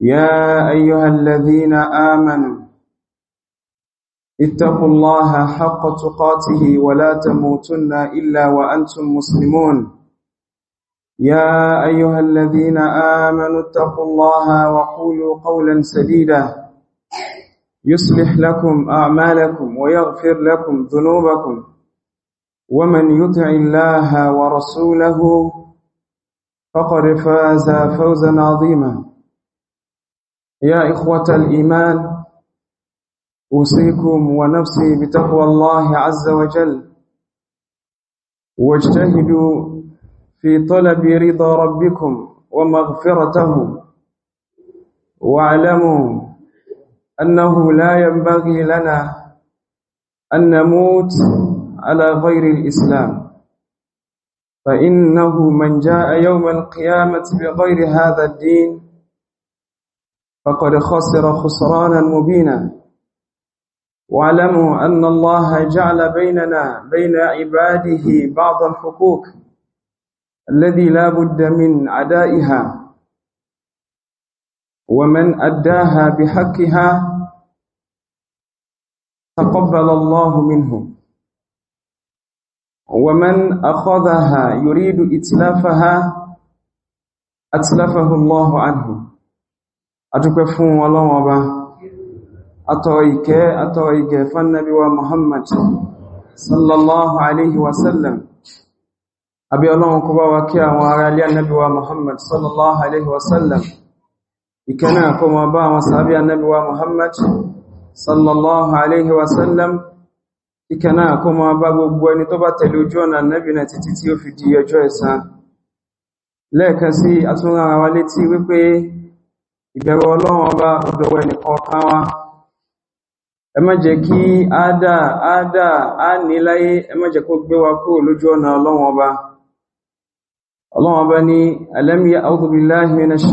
يا أيها الذين آمنوا اتقوا الله حق تقاته ولا تموتن إلا وأنتم مسلمون يا أيها الذين آمنوا اتقوا الله وقولوا قولا سديدا يصلح لكم أعمالكم ويغفر لكم ذنوبكم ومن يطع الله ورسوله فقد فاز فوزا عظيما يا إخوة الإيمان أوصيكم ونفسي بتقوى الله عز وجل واجتهدوا في طلب رضا ربكم ومغفرته واعلموا أنه لا ينبغي لنا أن نموت على غير الإسلام فإنه من جاء يوم القيامة بغير هذا الدين فقد خسر خسرانا مبينا واعلموا أن الله جعل بيننا بين عباده بعض الحقوق الذي لا بد من أدائها ومن أداها بحقها تقبل الله منه ومن أخذها يريد إتلافها أتلفه الله عنه adúpẹ́ fún ọlọ́run ọba atọ̀rọ̀ ìkẹ́ atọ̀rọ̀ ìgẹ̀ fánàbíwá muhammad sallallahu alaihi wasallam àbí ọlọ́run kó bá wa kí àwọn ará ilé annabiwa muhammad sallallahu alaihi wasallam ìkẹ́ náà kó ma bá àwọn sàábí annabiwa muhammad sallallahu alaihi wasallam ìkẹ́ náà kó ma bá gbogbo ẹni tó bá tẹ̀lé ojú ọ̀nà annabi na títí tí ó fi di ọjọ́ ẹ̀san lẹ́ẹ̀kan sí atúnra wa létí wípé Ìbẹ̀rù Ọlọ́run Ọba ó dọwọ́ ẹnìkọ̀ọ̀kan wa. Ẹ má jẹ́ kí ádà ádà á ní láyé, ẹ má jẹ́ kó gbé wa kúrò lójú ọ̀nà Ọlọ́run Ọba. Ọlọ́run Ọba ní alam ya'udhu billahi minash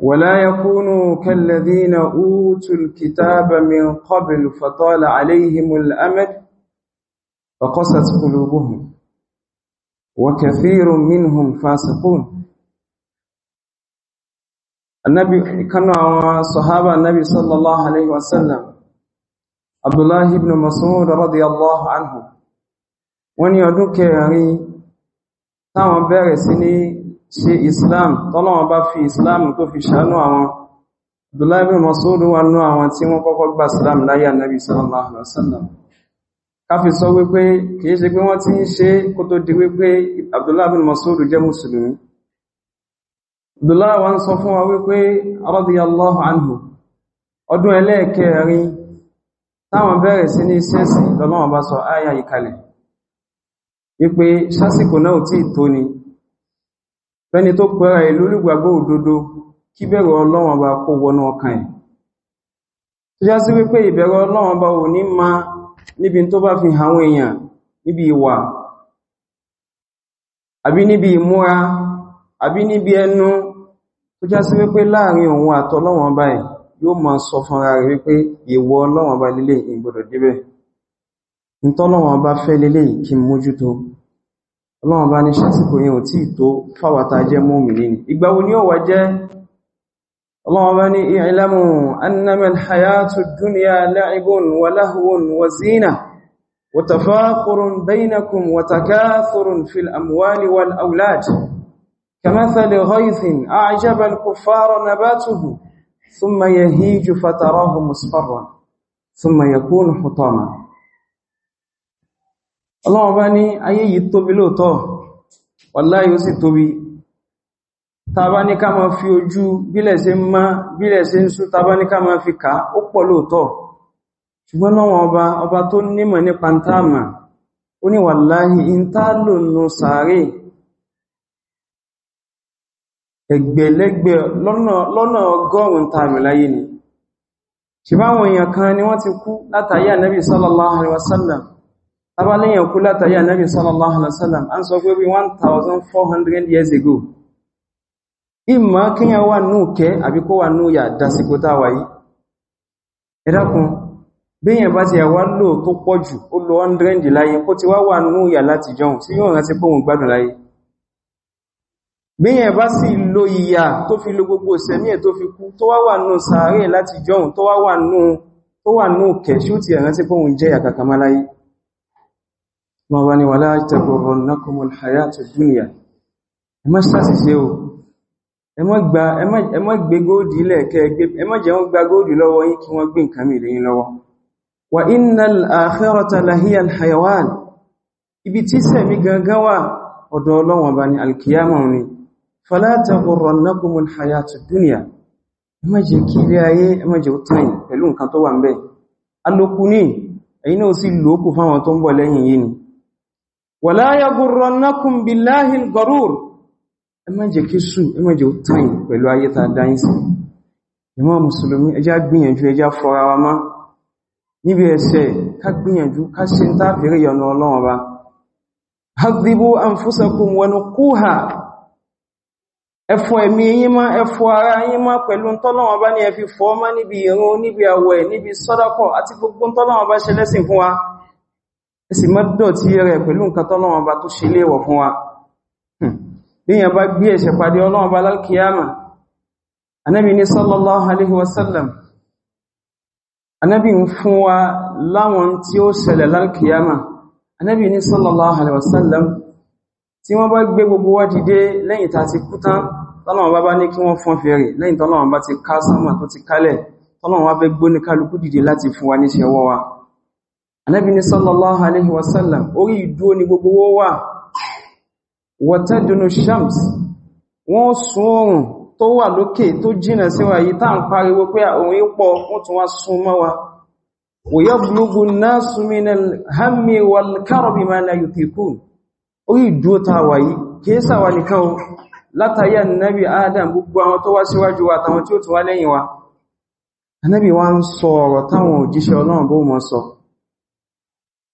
ولا يكونوا كالذين أوتوا الكتاب من قبل فطال عليهم الأمد فقست قلوبهم وكثير منهم فاسقون النبي كان صحابة النبي صلى الله عليه وسلم عبد الله بن مسعود رضي الله عنه wọ́n ní ọdún kẹrin táwọn ṣe islam tọ́lọ́wọ́n bá fi islam tó fi ṣàánú àwọn Abdullahi bin Mas'ud wà nú àwọn tí wọ́n kọ́kọ́ gba islam láyé Ànábì sallallahu alaihi wasallam káfí sọ wípé kìí ṣe pé wọ́n ti bin Mas'ud jẹ́ mùsùlùmí wa ń sọ fún wa anhu ọdún ẹlẹ́ẹ̀kẹrin táwọn bẹ̀rẹ̀ sí ní sẹ́sì lọ́lọ́wọ́n bá sọ áyà ìkalẹ̀ wípé sásìkò náà tí tó ni fẹ́ni tó pẹ́ra ẹ̀ lólùgbàgbọ́ òdodo kí bẹ̀rẹ̀ ọlọ́run ọba kó wọnú ọkàn ẹ̀ tó já sí wípé ìbẹ̀rẹ̀ ọlọ́run ọba ò ní ma níbi tó bá fi hàn èèyàn níbi ìwà àbí níbi ìmúra àbí níbi ẹnu tó já sí wípé láàrin òun àtọlọ́run ọba ẹ̀ yóò ma sọ fúnra rẹ̀ wípé ìwọ ọlọ́run ọba lílé ìgbọ̀dọ̀ débẹ̀ ntọ́lọ́run ọba fẹ́ lélẹ̀ kí mójútó ọlọ́run bá ní ṣásìkò yẹn ò tí tó fáwàtà jẹ́ mọ́mìnì ni ìgbà wo ni ó wà jẹ́ ọlọ́run bá ní ìrìnlẹ́mù, annama al-hayatu ad-dunya la'ibun wa lahwun wa zina wa tafaqurun baynakum wa takathurun fil amwali wal awlad kamathali ghaythin a'jaba al-kuffara nabatuhu thumma yahiju fatarahu musfarran thumma yakunu hutaman ọlọ́wọ́ bá ní ayé yìí tóbi lóòtọ́ wàláyé ó sì tóbi tàbá ní ká ma fi ojú bílẹ̀ ṣe ń má bílẹ̀ ṣe ń sú tàbá ní ká ma fi ká ó pọ̀ lóòtọ́ ṣùgbọ́n ọba ọba tó nímọ̀ ní pantama ó ní wàláyé in tá lònà sàárè ẹgbẹ̀lẹ́gbẹ̀ lọ́nà ọgọ́rùn-ún tààmì láyé ni ṣùgbọ́n àwọn èèyàn kan ni sallallahu alaihi wasallam abáléyàn kú látàrí ànábì sallallahu alaihi wasallam an sọ pé bí 1400 years ago ìmọ̀ kíyàn wà ní òkè àbí kó wà ní òyà dásìkò táwà yìí ẹ̀dàkùn bíyàn bá ti ẹ̀wà lò tó pọ̀ jù ó lọ 100 láyé kó ti wá wà ní òyà láti jọun sí yóò rántí pòhùn gbádùn láyé bíyàn wọ́n wá ní wà láàtẹ̀kọ̀rọ̀ nákùnmọ̀l hayatu duniya ẹ má ṣàṣìṣe o ẹ má gbé góòdì ilẹ̀ kẹgbẹ́ ẹ má jẹ́ wọ́n gba góòdì lọ́wọ́ yín kí wọ́n gbé nǹkan mìíràn yín lọ́wọ́ wà innal akhirata lahiya alhayawan ibi tí sẹ̀mí gangan wà ọ̀dọ̀ Ọlọ́hun bá ní alkiyama ni falatakurọ̀ nákùnmọ̀l hayatu fáwọn tó ń bọ̀ lẹ́yìn yìí ni wala yagurrannakum billahi al-gharur ẹ má jẹ́ kí sù ẹ má jẹ́ òtáyìn pẹ̀lú ayé ta dáyìn sí ìmọ̀ mùsùlùmí ẹjá gbìyànjú ẹjá fọ́ra wa ya níbi ẹsẹ̀ ká gbìyànjú ká ṣe ń táfẹ́rẹ̀ yọ̀nà ọlọ́run ba hadhibu anfusakum wa nuquha ẹfọ́ ẹ̀mí yín pẹ̀lú tọ́lọ́wọ́n bá ní ẹ fi fọ́ má gbogbo ẹsì má dọ̀tí rẹ̀ pẹ̀lú nǹkan tọ́lọ́wọ́n bá tó ṣe léèwọ̀ fún wa hmm. bíyàn bá gbé ẹ̀ṣẹ̀ pàdé ọlọ́wọ́n bá lálkìyàmà anábi ní sallallahu alaihi wasallam anábi ń fún wa láwọn tí ó ṣẹlẹ̀ sallallahu alaihi wasallam tí wọ́n bá gbé gbogbo wa dìde lẹ́yìn tá ti kú tán tọ́lọ́wọ́n bá bá ní kí wọ́n fọ́n fèrè lẹ́yìn tọ́lọ́wọ́n bá ti ká sánmà anábìní sallallahu alaihi wasallam orí ìdúó ni gbogbo wó wà wọ́tẹ́dùnú shams wọ́n sún oòrùn tó wà lókè tó jìnà sí wa yìí tá ń pariwo pé orí pọ̀ wọ́n tún wá sún mọ́ wa wọ́yẹ́bùlógù náà súnmínà hàmì wàlkárọ̀bì máa la yutikun wà yìí kéèsà wà nìkan o adam gbogbo àwọn wa àtàwọn tí ó tún wá lẹ́yìn wa anábì wá ń sọ ọ̀rọ̀ táwọn òjíṣẹ́ ọlọ́run bó mọ́ sọ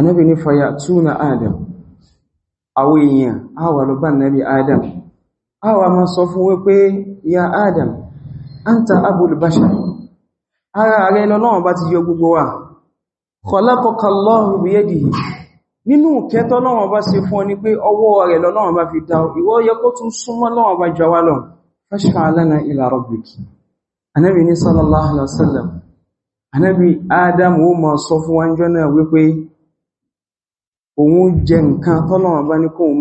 anábì ní fàyà na adam àwọn èèyàn àwà lọ bá nàbí adam àwà ma sọ fún wípé ya adam anta abul bashar ara rẹ lọ́lọ́wọ́n bá ti yọ gbogbo wa khalaqaka Allahu biyadihi nínú kẹtọ́ lọ́wọ́n bá ṣe fún ọ ní pé ọwọ́ rẹ̀ lọ́wọ́n bá fi dá ìwọ yẹ kó tún súnmọ́ lọ́wọ́n bá jọ wá lọ fashfa lana ila rabbiki anábì ní sallallahu alaihi wasallam anábì adam ó ma sọ fún wájọ́ náà wípé òun jẹ nǹkan bá ní kóhun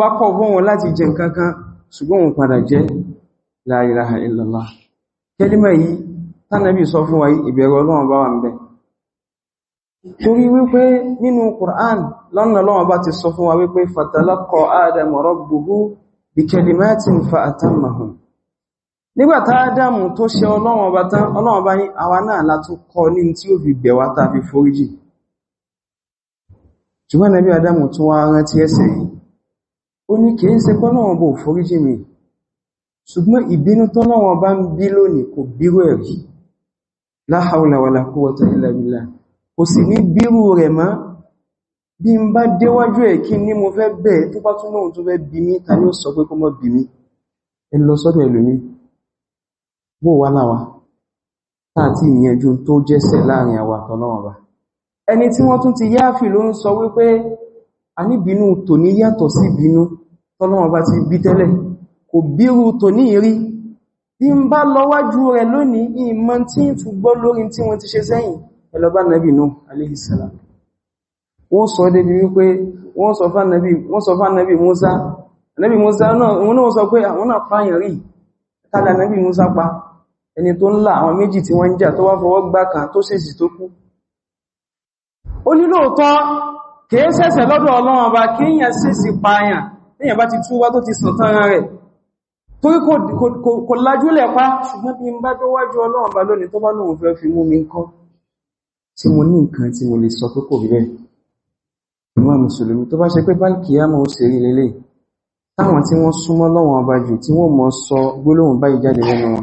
bá fún láti jẹ nǹkan kan ṣùgbọ́n òun padà jẹ la ilaha illallah yìí tánàbí sọ fún wa ìbẹ̀rù ọlọ́run bá wà ń Qur'an bá ti fún wa wípé nígbàtá ádámù tó ṣe ọlọ́wọ̀n ọba tán ọlọ́wọ̀n bá ní àwa náà látú kọ ní tí ó fi gbẹ̀wà tàà fi foríjì ṣùgbọ́n nàbí ádámù tún wá rántí ẹsẹ̀ yìí ó ní kìí ṣe pọ́ náà bò mi ṣùgbọ́n ìbínú tọ́lọ́wọ̀n bá ń bí lónìí la wala quwwata illa billah kò sì ní bírú rẹ̀ mọ́ bí n bá déwájú ẹ̀ kí ní mo fẹ́ bẹ̀ẹ́ tó bó wá láwa táàtì hmm. ìyẹnjú tó jẹ́sẹ̀ láàrin àwa àtọ́lọ́wọ̀n bá ẹni tí wọ́n tún ti yáàfì ló ń sọ wípé a níbínú tò ní yàtọ̀ sí ìbínú tọ́lọ́wọ̀n bá ti bí tẹ́lẹ̀ kò bírú tò ní bí ń bá lọ́wájú rẹ̀ lónìí ìmọ̀ tí ń tún gbọ́ alayhi salam wọ́n sọ débi wípé wọ́n Musa nàbì Musa náà wọ́n sọ pé àwọn náà pààyàn rí Musa pa ẹni tó ńlá àwọn méjì tí wọ́n ń jà tó wá fọwọ́ gbá kan tó sèsì tó kú ó ní lóòótọ́ kìí ṣẹ̀ṣẹ̀ lọ́dọ̀ Ọlọ́run ọba kí èyàn sèsì pààyàn èyàn bá ti túbá tó ti sọ̀tán rẹ̀ torí kò lájúlẹ̀ pa ṣùgbọ́n bí n bá dọ́wájú Ọlọ́run ọba lónìí tó bá lóun fẹ́ fi mú mi kọ́ tí mo ní nǹkan tí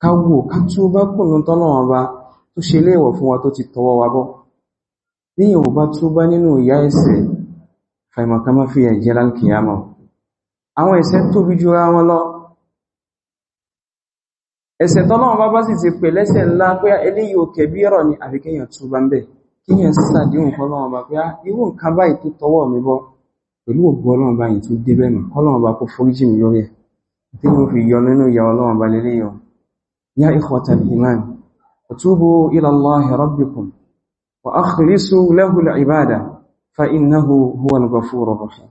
ká wò ká túbá kùnú tọ́lọ́wọ́n bá tó ṣe léèwọ̀ fún wa tó ti tọwọ́ wa bọ́ ní yẹ̀wò bá túbá nínú ìyá ẹ̀ṣẹ̀ fàìmọ̀ká má fi ẹ̀jẹ́ lálkìyàmọ̀ àwọn ẹ̀ṣẹ̀ tóbi ju ra wọn lọ ẹ̀ṣẹ̀ tọ́lọ́wọ́n bá bá sì ti pè lẹ́ṣẹ̀ ńlá pé eléyìí ò kẹbírọ̀ ni àfi kéèyàn túbá ń bẹ̀ kíyàn sàdéhùn fọ́lọ́wọ́n bá pé á ah, irú nǹkan يا إخوة الإيمان وتوبوا إلى الله ربكم وأخلصوا له العبادة فإنه هو الغفور الرحيم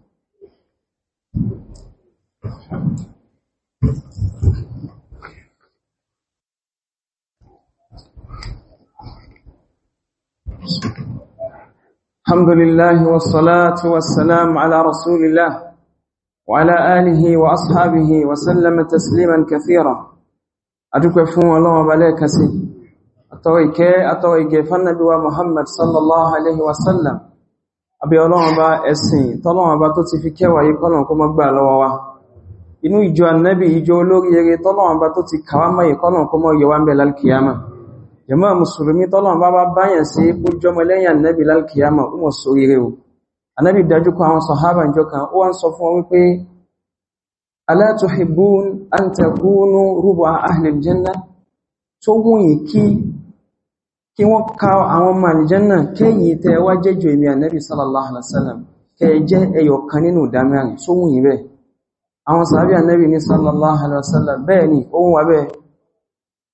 الحمد لله والصلاة والسلام على رسول الله وعلى آله وأصحابه وسلم تسليما كثيرا adúpẹ́ fún ọlọ́wọ́ balẹ̀ kasi àtọwọ́ ìkẹ́ àtọwọ́ ìgẹ̀ fánàbíwa Muhammad sallallahu alaihi wasallam àbí ọlọ́wọ́ bá ẹ̀sìn tọ́lọ́wọ́ bá tó ti fi kẹwàá yí kọ́lọ̀ kó mọ́ gbà lọ́wọ́ wa inú ìjọ annabi ìjọ olórí eré tọ́lọ́wọ́ bá tó ti kàwá mọ́ ìkọ́lọ̀ kó mọ́ yẹwà mẹ́ lálkìyàmà jàmáà mùsùlùmí tọ́lọ́wọ́ bá bá báyàn sí kó jọmọ lẹ́yìn annabi lálkìyàmà ó mọ̀ sórí annabi dájú àwọn sọ̀hábà ìjọ kan ó wá ń sọ fún wọn wípé ألا تحبون أن تكونوا ربع أهل الجنة سوون يكي kí wọ́n ka àwọn ọmọ àlìjánà kẹ́yìn tẹ́ wá jẹ́jọ ìmì ànẹ́bì sallallahu alaihi wasallam kẹ́ jẹ́ ẹyọ kan nínú ìdámẹ́rin sóhun yìí bẹ́ẹ̀ àwọn sàábí ànẹ́bì ní sallallahu alaihi wasallam bẹ́ẹ̀ ni ohun wà bẹ́ẹ̀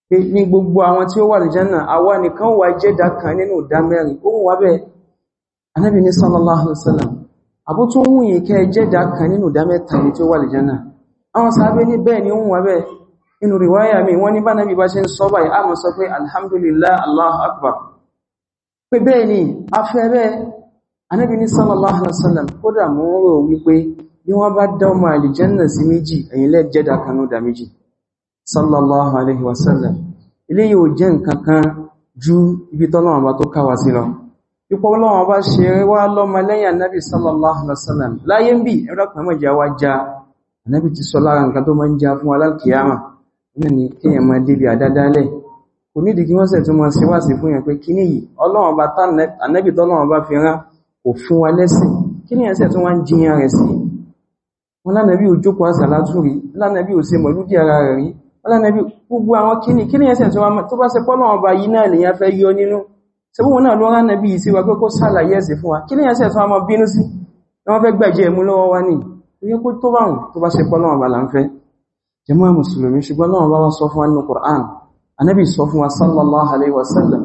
pé ní gbogbo àwọn tí ó wà àlìjánà àwa nìkan wà jẹ́ dá kan nínú ìdámẹ́rin ohun wà bẹ́ẹ̀ ànẹ́bì ní sallallahu alaihi wasallam àbútó wùnyìn kẹ́ jẹ́ dá kan nínú ìdámẹ́ta tí ó wà àlìjánà àwọn sàábé ní bẹ́ẹ̀ ni ó wà bẹ́ẹ̀ inú riwaya mi wọ́n ní bá náà bí bá ṣe ń sọ báyìí a mọ̀ sọ pé alhamdulillah Allahu akbar pé bẹ́ẹ̀ ni a fẹ́ bẹ́ẹ̀ anábi ní sallallahu alaihi wasallam kódà mọ́ rò wípé bí wọ́n bá dá ọmọ àlìjẹ́nà sí méjì ẹ̀yin lẹ́ jẹ́dà kanú dà méjì sallallahu alaihi wasallam ọlọ́wọ́n bá ṣe wá lọ́mọ lẹ́yìn anábi sallallahu alaihi wasallam láyé ń bí ẹ̀rọ pẹ̀mọ́ ìjà wá já ànábì ti sọ lára nǹkan tó máa ń já fún alákìíyàmà náà ni kéèyàn máa débi àdádálẹ̀ kò nídìí kí wọ́n sẹ̀ tó máa ṣe wá sí fún yẹn pé kíní yìí ọlọ́run bá tán ànábì tọ́lọ́run bá fi rán kò fún wa lẹ́sìn kíní yẹn sẹ̀ tó wá ń jiyàn rẹ̀ sí wọn lánàbí ò jókòó àsàlátù rí lánàbí ò ṣe mọ̀lúdí ara rẹ̀ rí ọlọ́nàbí gbogbo àwọn kíní kíní ẹsẹ̀ tó bá yẹ kó tó báhùn tó bá ṣe pọ́lọ́wọ́ bá láńfẹ́ jẹmọ́ mùsùlùmí ṣùgbọ́n lọ́wọ́ bá wọ́n sọ fún annu Qur'an anábì sọ fún wa sallallahu alaihi wasallam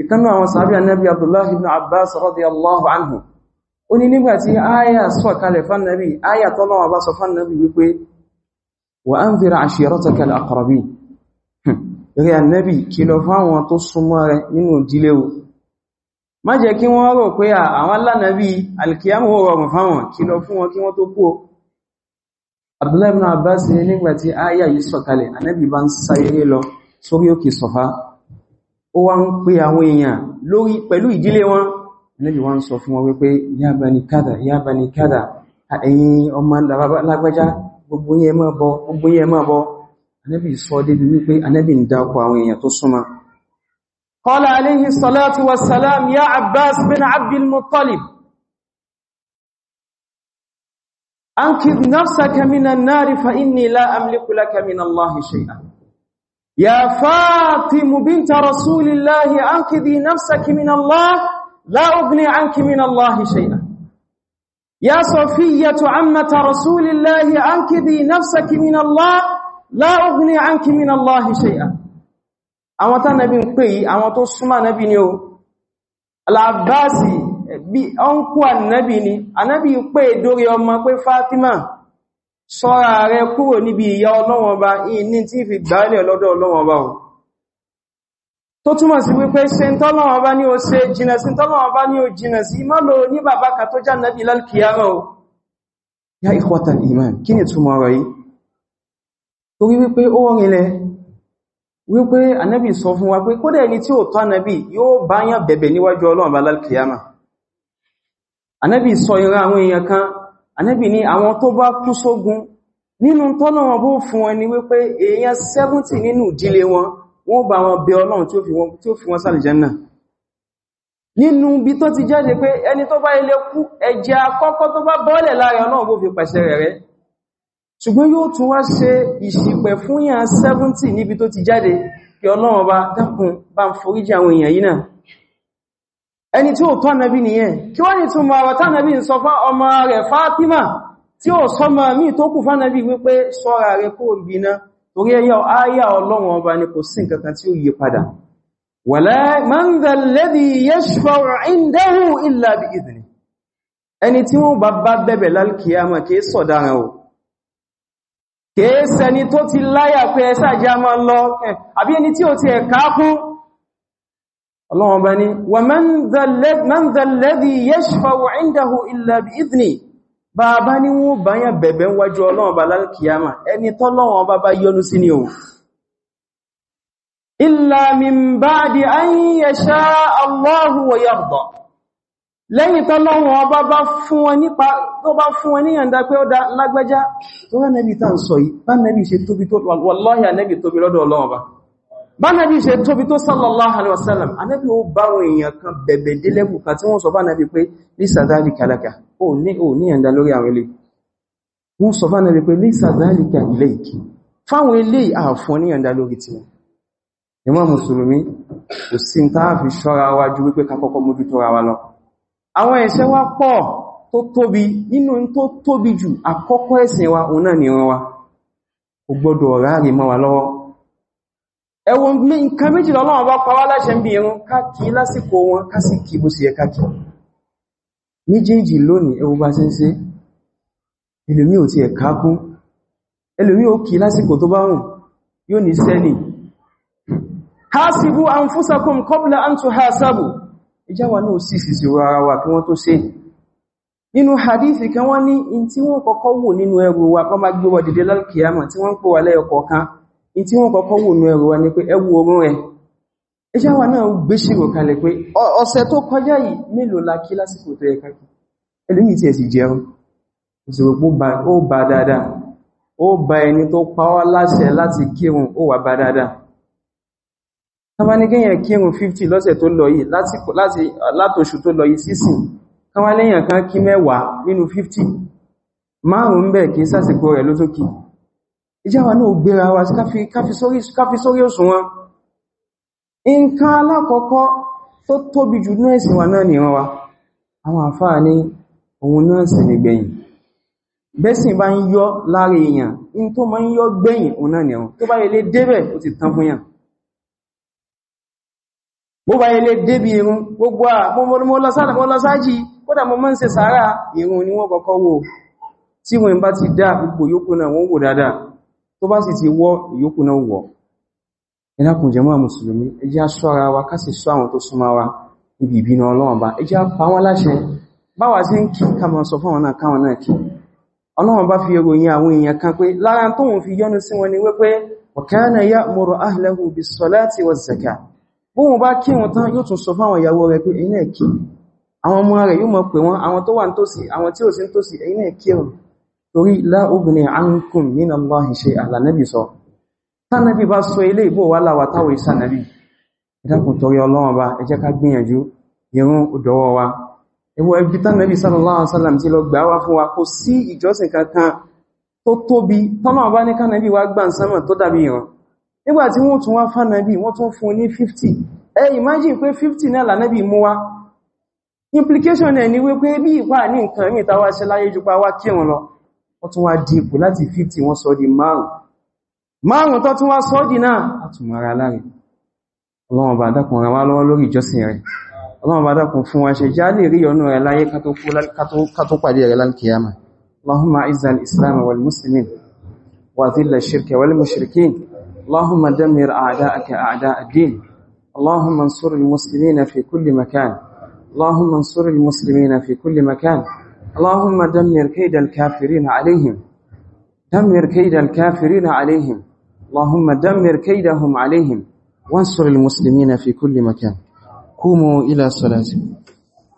ìkanú àwọn sàábí anábì abdullahi ibn abbas radiyallahu anhu ó ní nígbà tí aya sọ kalẹ̀ fánàbí aya tọ́lọ́wọ́ bá sọ fánàbí wípé wa anzir ashirataka al-aqrabin rẹ̀ anábì kìlọ̀ fáwọn tó má jẹ́ kí wọ́n rò pé àwọn alánàbí alkiyamu rọrùn fáwọn kìlọ̀ fún wọn kí wọ́n tó kú o Abdullahi ibn Abbas ní nígbàtí ayà yìí sọ̀kalẹ̀ anábì bá ń sa eré lọ sórí òkè sọ̀fá ó wá ń pè àwọn èèyàn lórí pẹ̀lú ìdílé wọn anábì wá ń sọ fún wọn wípé ya bani kada ya bani kada ẹ̀yin ọmọ lágbájá gbogbo yín máa bọ̀ gbogbo yín máa bọ̀ anábì sọ débi wípé anábì ń dákọ àwọn èèyàn tó súnmọ́ qala alayhi salatu wassalam ya Abbas أنقذ نفسك من النار فإني لا أملك لك من الله شيئا يا فاطم بنت رسول الله أنقذي نفسك من الله لا أغني عنك من الله شيئا يا صفية عمة رسول الله أنقذي نفسك من الله لا أغني عنك من الله شيئا أما تنبي قي أما تصمى نبي نيو العباسي ọ́nkú ànábì ni ànábì pé dórí ọmọ pé fatima, sọ́ra rẹ kúrò níbi ìyá ọlọ́wọ́n ọba ní tí fi gbálẹ̀ lọ́dọ̀ ọlọ́wọ́n ọba o tó túmọ̀ sí wípé ṣe tọ́lọ́wọ́n ọba ní o ṣe jìnà sí tọ́lọ́wọ́n ni ní o jìnà sí má lò ní bàbá kan tó já nábì lálkìyàmọ̀ o ya ikhwatal iman kí ni túmọ̀ ọ̀rọ̀ yìí torí wípé wa pé kódẹ̀ ẹni tí anábì sọ ìran àwọn èèyàn kan anábì ní àwọn tó bá kú sógun nínú tọ́nà wọn bó fún wọn ni wípé èèyàn 70 nínú ìdílé wọn wọ́n bá wọn bẹ ọlọ́run tí ó fi wọn sálì jẹ́nà nínú bí tó ti jáde pé ẹni tó bá ilé kú ẹ̀jẹ̀ àkọ́kọ́ tó bá bọ́ọ̀lẹ̀ láàrin ọlọ́run bó ẹni tí ó tọ́ nàbí nìyẹn kí wọ́n ni túnmọ̀ àwọ̀tá nàbí ń sọ fá ọmọ rẹ̀ Fátímà tí ó sọmọ mí tó kù fánàbí wípé sọ́ra rẹ̀ kó bìnà torí ẹyà ayà ọlọ́run ọba ni kò sí nǹkan tí ó yí padà wala man dhal ladhi yashfa'u 'indahu illa bi idhnihi ẹni tí wọ́n ọlọ́wọ́n bá ní wà man zalladhi yashfa'u 'indahu illa bi'idhni bá bá ní wọ́n bá yẹn bẹ̀bẹ̀ wájú ọlọ́wọ́n bá lálkìyàmà ẹni tọ́lọ́wọ́n bá bá yọ́nú sí ni ohun illa min ba'di an yasha'a Allahu wa yarda lẹ́yìn tọ́lọ́wọ́n bá bá fún wọn nípa tó bá fún wọn níyànda bánàbí ṣe tóbi tó sallallahu alaihi wasallam anábí ó báwọn èèyàn kan bẹ̀bẹ̀ délẹ́bù kan tí wọ́n sọ bánàbí pé lisa dhalika laka ó ní ò ní ẹ̀ndà lórí àwọn ilé wọ́n sọ bánàbí pé lisa dhalika ilayki fáwọn ilé àfún ní ẹ̀ndà lórí wa ju wípé kakọ́kọ́ mójú tó ra wa lọ àwọn ẹ̀ṣẹ̀ wa pọ̀ tó tóbi nínú tó tóbi jù àkọ́kọ́ ẹ̀sìn wa òun náà ẹwọ nǹkan méjì lọ́lọ́wọ́ bá pàwà láṣẹ ń bí irun káàkì lásìkò wọn kásìkì bó sì yẹ káàkì méjèèjì lónìí ẹwọ bá ṣe ń ṣe ẹlòmí ò ti ẹ̀ká kún ẹlòmí ò kí lásìkò tó bá rùn yóò ní sẹ́lì hasibu anfusakum qabla an tuhasabu ìjáwà náà sì sì sí ara wa kí wọ́n tó ṣe nínú hadithi kan wọ́n ní in tí wọ́n kọ́kọ́ wò nínú ẹrù wa kọ́ má gbé wọ́n dìde lálkìyàmọ̀ tí wọ́n ń pò wà lẹ́yọkọ̀ọ̀kan tí wọ́n kọ́kọ́ wò ní ẹrù wa ni pé ẹwù orún rẹ̀ ẹjá wa náà gbéṣìrò kalẹ̀ pé ọ̀sẹ̀ tó kọjá yìí mélòó la kí lásìkò tó ẹka kí ẹlùmí tí ẹ̀ sì jẹun ìṣòro ó bá dáadáa ó bá ẹni tó pàwọ́ láṣẹ láti kírun ó wà bá dáadáa káwánígẹ́yàn ìjáwà náà gbéra wa sí káfí sórí òsùn wọn nǹkan alákọ̀ọ́kọ́ tó tóbi jù náà ìsìn wa náà nìran wa àwọn àfáà ní òun náà sì ní gbẹ̀yìn bẹ́sìn bá ń yọ lára èèyàn in tó ma ń yọ gbẹ̀yìn òun náà nìran tó bá yẹlé débẹ̀ ó ti tán fún yàn bó bá yẹlé débi irun gbogbo à mọ́ lọ́sájì ni wọ́n kọ́kọ́ wò tí wọ́n bá ti dá gbogbo yókù náà wọ́n wò dáadáa tó bá sì ti wọ́ ìyókù náà wọ̀ ẹlákùn jẹmọ́ mùsùlùmí ẹjá ṣọ́ra wa ká sì ṣọ́ àwọn tó súnmọ́ wa ibi ìbínú ọlọ́run bá ẹjá pa wọ́n láṣẹ báwa sí ń kí kàmọ̀ sọ fún ọ̀nà káwọn náà kí ọlọ́run bá fi ròyìn àwọn wa kana ya'muru ahlahu bis-salati waz-zakah bóhun bá kí wọn tán yóò tún sọ fáwọn ìyàwó rẹ̀ pé ẹ̀yin náà kí náà kí torí láàúgbìn àǹkùn nínú Allahi ṣe àlànàbì sọ tánàbì bá sọ ilé ìbò wà láwà táwà ìsànàbì ìdákùn torí ọlọ́wọ́ bá ẹ jẹ́ ká gbìyànjú yẹrún ọdọ́wọ́ wa ẹwọ ẹbí tánàbì sallallahu alaihi wasallam ti lọ gbà wá fún wa kò sí ìjọsìn kankan tó tóbi tọ́nà bá ní kánàbì 50 ẹ imagine pé 50 náà lànàbì mú implication ẹ̀ ni wípé bí ìpá ní nǹkan mìta wá ṣe láyé jùpa wá kí wọn lọ wọ́n tún wá di ipò láti 50 wọ́n sọ di márùn márùn tó tún wá sọ di náà àtùmọ̀ra láre ọlọ́run bá dákun ra wá lọ́wọ́ lórí ìjọsìn rẹ̀ ọlọ́run bá dákun fún wa ṣe já rí ọ̀nà rẹ̀ láyé ká اللهم اعز الاسلام والمسلمين واذل الشرك والمشركين اللهم دمر اعداءك اعداء الدين اللهم انصر المسلمين في كل مكان اللهم انصر المسلمين في كل مكان اللهم دمر كيد الكافرين عليهم دمر كيد الكافرين عليهم اللهم دمر كيدهم عليهم وانصر المسلمين في كل مكان قوموا إلى صلاتكم